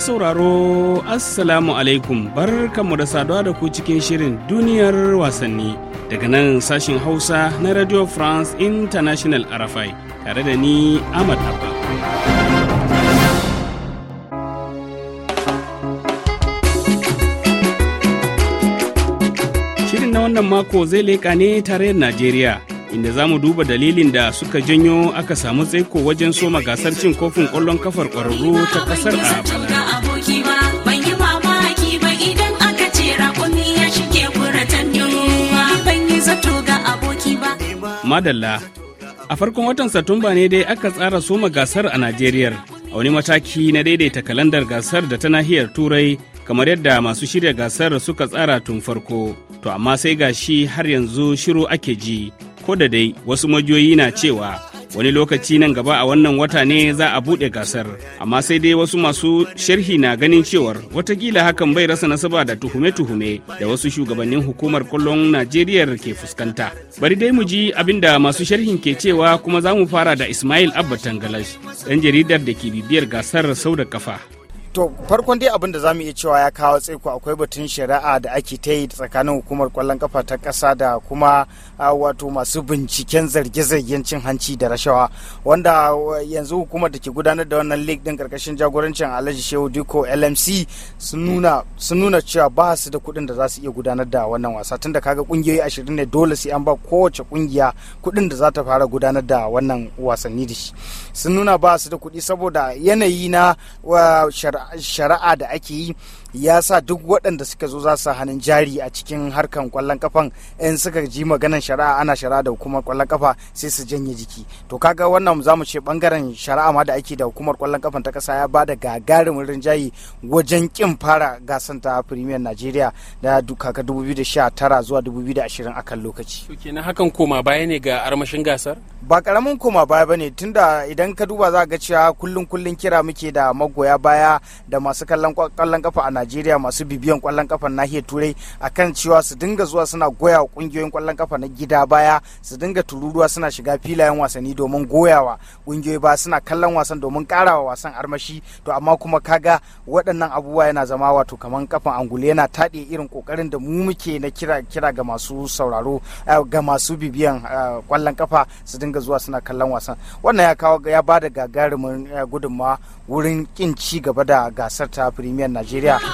sauraro Assalamu alaikum kamu da saduwa da ku cikin shirin duniyar wasanni daga nan sashin Hausa na Radio France International RFI tare da ni Ahmad Abba. Shirin na wannan mako zai leƙa ne tare da Najeriya inda za mu duba dalilin da suka janyo aka samu tsaiko wajen soma gasar cin kofin ƙwallon kafar ƙwararru ta ƙasar a bala Madalla. A farkon watan Satumba ne dai aka tsara soma gasar a Najeriya a wani mataki na daidaita kalandar gasar da ta nahiyar Turai kamar yadda masu shirya gasar suka tsara tun farko. To amma sai gashi har yanzu shiru ake ji, ko da dai wasu majiyoyi na cewa wani lokaci nan gaba a wannan wata ne za a buɗe gasar amma sai dai wasu masu sharhi na ganin cewar watakila hakan bai rasa nasaba da tuhume-tuhume da wasu shugabannin hukumar kwallon najeriya ke fuskanta bari dai mu ji abin da masu sharhin ke cewa kuma za mu fara da ismail abba tangalash ɗan jaridar da ke bibiyar gasar sau da kafa to farkon dai abin da za mu iya cewa ya kawo tsaiko akwai batun shari'a da ake ta yi tsakanin hukumar kwallon kafa ta kasa da kuma wato masu binciken zarge-zargen cin hanci da rashawa wanda yanzu hukumar da ke gudanar da wannan league din karkashin jagorancin alhaji shehu diko lmc sun nuna cewa ba su da kuɗin da za su iya gudanar da wannan wasa tunda kaga kungiyoyi ashirin ne dole sai an ba kowace kungiya kuɗin da za ta fara gudanar da wannan wasanni da shi sun nuna ba su da kuɗi saboda yanayi na shari'a shari'a da ake yi ya sa duk waɗanda suka zo za su hannun jari a cikin harkan kwallon kafan in suka ji maganan shari'a ana shari'a da hukumar kwallon kafa sai su janye jiki to kaga wannan za mu ce bangaren shari'a ma da ake da hukumar kwallon kafan ta kasa ya ba da gagarumin rinjaye wajen kin fara gasan ta premier nigeria da kaka 2019 zuwa 2020 a kan lokaci to kenan hakan koma baya ne ga armashin gasar ba karamin koma baya bane tunda idan ka duba za ga cewa kullum kullum kira muke da magoya baya da masu kallon kafa a Najeriya masu bibiyan kwallon kafa nahiyar Turai akan cewa su dinga zuwa suna goya wa kungiyoyin kwallon kafa na gida baya su dinga tururuwa suna shiga filayen wasanni domin goyawa kungiyoyi ba suna kallon wasan domin karawa wasan armashi to amma kuma kaga waɗannan abubuwa yana zama wato kaman kafan angulu yana taɗe irin kokarin da mu muke na kira kira ga masu sauraro eh, ga masu bibiyan eh, kwallon kafa su dinga zuwa suna kallon wasan wannan ya kawo ya bada gagarumin eh, gudunmawa wurin kin ci gaba da gasar ta premier najeriya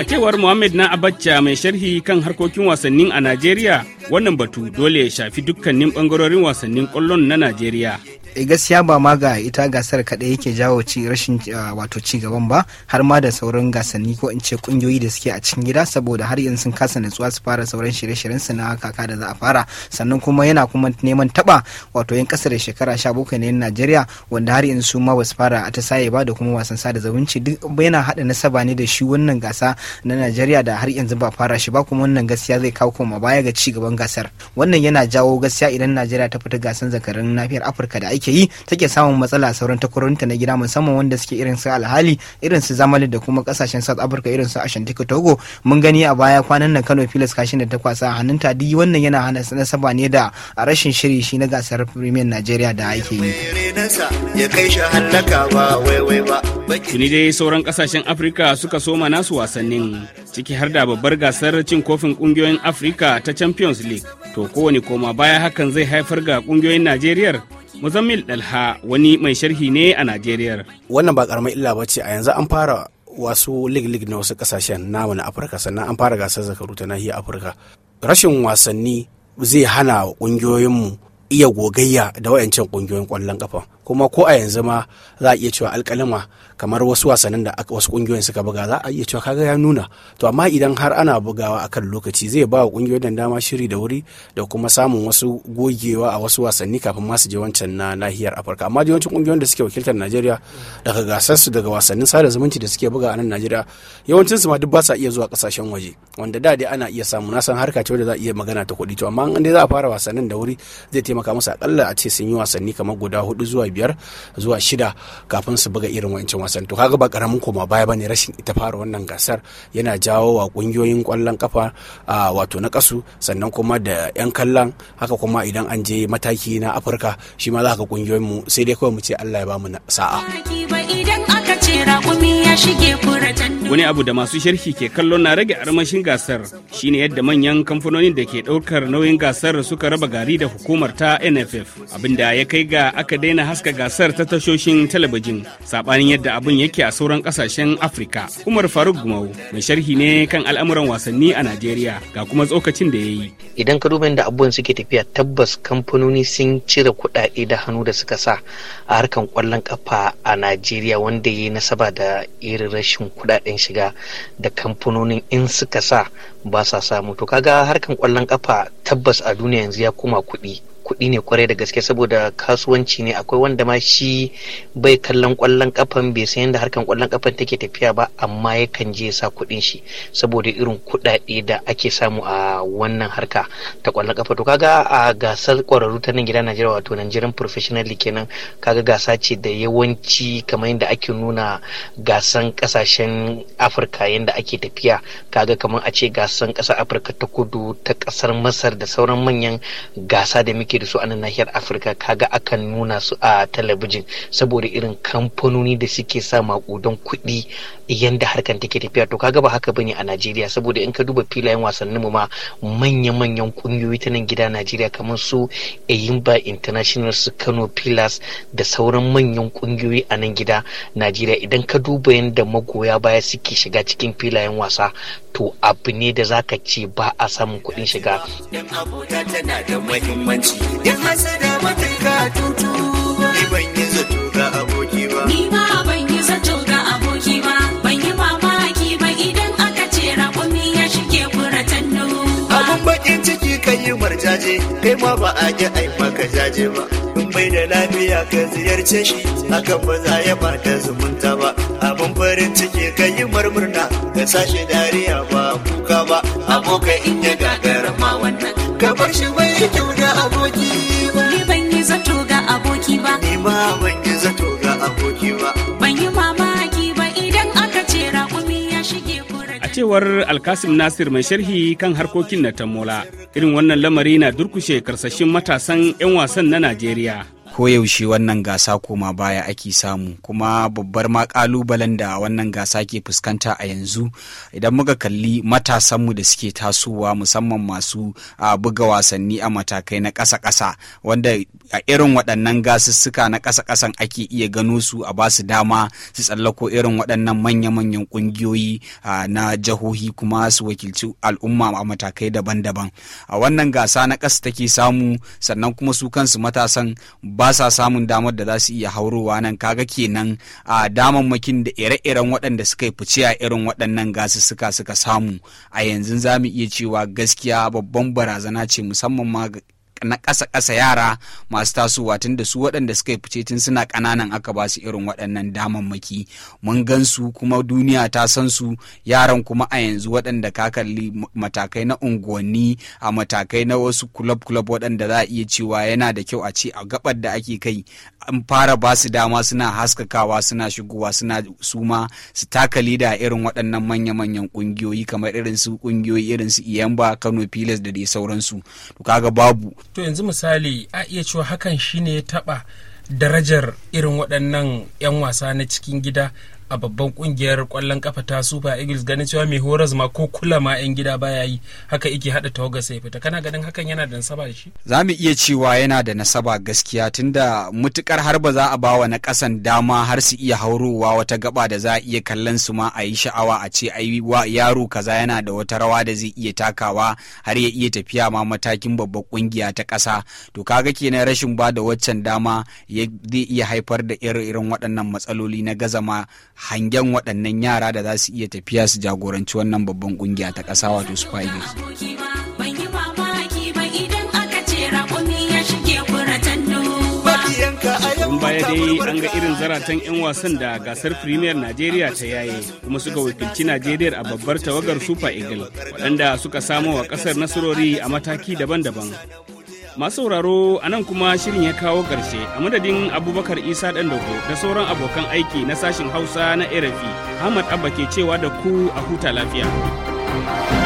A cewar Muhammad na Abacha mai sharhi kan harkokin wasannin a Najeriya, wannan batu dole ya shafi dukkanin bangarorin wasannin ƙwallon na Najeriya. Eh, gaskiya ba ma ga ita gasar kaɗai yake jawo ci rashin eh, wato ci gaban ba har ma da sauran gasanni ko in ce kungiyoyi da suke a cikin gida saboda har yanzu sun kasa natsuwa su fara sauran shirye-shiryen su na kaka da za a fara sannan kuma yana kuma neman taba wato yan kasar da shekara bakwai na yan Najeriya wanda har yanzu ma ba su fara a ta saye ba da kuma wasan sada zumunci duk yana haɗa nasaba ne da shi wannan gasa na Najeriya da har yanzu ba fara shi ba kuma wannan gaskiya zai kawo koma baya ga ci gaban gasar wannan yana jawo gaskiya idan Najeriya ta fita gasan zakarin nafiyar Afirka da yake yi take samun matsala a sauran takwarorinta na gida musamman wanda suke irin su alhali irin su zamali da kuma kasashen south africa irin su ashantika togo mun gani a baya kwanan nan kano filas kashin da ta kwasa a hannunta duk wannan yana hana nasaba ne da a rashin shiri shi na gasar premier nigeria da ake yi tuni dai sauran kasashen afirka suka soma nasu wasannin ciki har da babbar gasar cin kofin kungiyoyin afirka ta champions league to kowane koma baya hakan zai haifar ga kungiyoyin najeriya Muzammil Dalha wani mai sharhi ne a Najeriya. Wannan ba karamar illa ba ce a yanzu an fara wasu lig-lig na wasu kasashen namu na Afirka sannan an fara gasar zakaru ta nahiyar Afirka. Rashin wasanni zai hana ƙungiyoyinmu iya gogayya da wayancan ƙungiyoyin ƙwallon ƙafa. kuma ko a yanzu ma za a iya cewa alkalima kamar wasu wasannin da wasu kungiyoyin suka buga za a iya cewa kaga ya nuna to amma idan har ana bugawa a kan lokaci zai ba wa kungiyoyin dama shiri da wuri da kuma samun wasu gogewa a wasu wasanni kafin ma su je wancan na nahiyar afirka amma yawancin kungiyoyin da suke wakiltar najeriya daga gasar su daga wasannin sada zumunci da suke buga a nan najeriya yawancin su ma duk ba sa iya zuwa kasashen waje wanda da dai ana iya samu na san harka ce wanda za a iya magana ta kuɗi to amma an dai za a fara wasannin da wuri zai taimaka musu akalla a ce sun yi wasanni kamar guda hudu zuwa biyar biyar zuwa shida kafin su buga irin wancan wasan to kaga ba karamin koma baya bane rashin ita fara wannan gasar yana jawo wa kungiyoyin kwallon kafa wato na kasu sannan kuma da yan kallon haka kuma idan an je mataki na afirka shi ma za ka kungiyoyin mu sai dai kawai mu ce allah ya bamu sa'a wani abu da masu sharhi ke kallon na rage armashin gasar shine yadda manyan kamfanonin da ke ɗaukar nauyin gasar suka raba gari da hukumar ta nff abinda ya kai ga aka daina haska gasar ta tashoshin talabijin sabanin yadda abin yake a sauran kasashen afirka umar faruk gumau mai sharhi ne kan al'amuran wasanni a najeriya ga kuma tsokacin da ya yi idan ka duba yadda abubuwan suke tafiya tabbas kamfanoni sun cire kuɗaɗe da hannu da suka sa a harkan ƙwallon kafa a najeriya wanda ya yi nasaba da irin rashin kudaden shiga da kamfanonin in suka sa ba sa samu to kaga harkan kwallon kafa tabbas a duniya yanzu ya koma kuɗi kuɗi ne kwarai da gaske saboda kasuwanci ne akwai wanda ma shi bai kallon ƙwallon kafan bai san yadda harkan ƙwallon kafan take tafiya ba amma yakan je sa kuɗin shi saboda irin kuɗaɗe da ake samu a wannan harka ta ƙwallon kafa to kaga a gasar ƙwararru ta nan gida Najeriya wato Nigerian Professional League kenan kaga gasa ce da yawanci kamar yadda ake nuna gasan ƙasashen Afirka yadda ake tafiya kaga kamar a ce gasan ƙasar Afirka ta kudu ta ƙasar Masar da sauran manyan gasa da muke da su a nan nahiyar afirka kaga akan nuna su a talabijin saboda irin kamfanoni da suke sa maƙudan kuɗi yanda harkan take tafiya to kaga ba haka bane a najeriya saboda in ka duba filayen wasannin mu ma manya-manyan ƙungiyoyi ta nan gida najeriya kamar su eyimba international su kano pillars da sauran manyan kungiyoyi a nan gida najeriya idan ka duba yadda magoya baya suke shiga cikin filayen wasa to abu ne da zaka ce ba a samun kuɗin shiga. tana da muhimmanci in hasada matanka tutu ni ban yi zato ga aboki ba ni ma ban yi zato ga aboki ba ban yi mamaki ba idan aka ce raƙumi ya shige furatan nuhu abun bakin ciki kan yi marjaje kai ma ba a ji ai jaje ba in bai da lafiya ka ziyarce shi hakan ba za ya bata zumunta ba abun farin ciki kan yi marmurna ka sashi dariya ba kuka ba abokai in ya gagara ma wannan ka bar shi bai kyau da aboki ba ni ban yi zato ga aboki ba ni ma ban yi zato ga aboki ba ban yi mamaki ba idan aka ce raƙumi ya shige a cewar alkasim nasir mai sharhi kan harkokin na irin wannan lamari na durkushe karsashin matasan 'yan wasan na najeriya koyaushe wannan gasa koma baya ake samu kuma babbar ma kalubalen da wannan gasa ke fuskanta a yanzu idan muka kalli matasanmu da suke tasowa musamman masu buga wasanni a matakai na ƙasa-ƙasa wanda a irin waɗannan gasussuka na ƙasa-ƙasan ake iya gano su a ba su dama su tsallako irin waɗannan manya-manyan ƙungiyoyi na jihohi kuma su wakilci al'umma a matakai daban-daban a wannan gasa na ƙasa take samu sannan kuma su kansu matasan ba sa samun damar da za su iya haurowa nan kaga kenan a damammakin da ire-iren waɗanda suka yi fice a irin waɗannan suka suka samu a yanzu za mu iya cewa gaskiya babban barazana ce musamman ma na ƙasa-ƙasa yara masu tasowa tun da su waɗanda suka yi fice tun suna ƙananan aka ba su irin waɗannan damammaki mun gan su kuma duniya ta san su yaran kuma a yanzu waɗanda ka kalli matakai na unguwanni a matakai na wasu kulab-kulab waɗanda za a iya cewa yana da kyau a ce a gabar da ake kai an fara ba su dama suna haskakawa suna shigowa suna suma su taka a irin waɗannan manya-manyan ƙungiyoyi kamar irin su ƙungiyoyi irin su iyamba kano pilas da dai sauransu to kaga babu to yanzu misali a iya cewa hakan shine ya taɓa darajar irin waɗannan 'yan wasa na cikin gida a babban kungiyar kwallon kafa ta Super Eagles ganin cewa mai horas ma ko kula ma yan gida baya yi haka yake hada tawagar sai fita kana ganin hakan yana da nasaba da shi za mu iya cewa yana da nasaba gaskiya tunda mutukar har ba za a bawa na kasan dama har su iya haurowa wata gaba da za a iya kallon su ma a yi sha'awa a ce ai yaro kaza yana da wata rawa da zai iya takawa har ya iya tafiya ma matakin babbar kungiya ta kasa to kaga kenan rashin ba da waccan dama zai iya haifar da irin waɗannan matsaloli na gazama hangen waɗannan yara da za su iya tafiya su jagoranci wannan babban ƙungiya ta ƙasa wato Super baya dai an ga irin zaratan 'yan wasan da gasar premier najeriya ta yaye kuma suka wakilci najeriya a babbar tawagar super eagle waɗanda suka samo wa ƙasar nasarori a mataki daban-daban Masu sauraro a nan kuma shirin ya kawo ƙarshe a madadin Abubakar Isa ɗan dago da sauran abokan aiki na sashin Hausa na Erefi, Ahmad Abba ke cewa da ku a huta lafiya.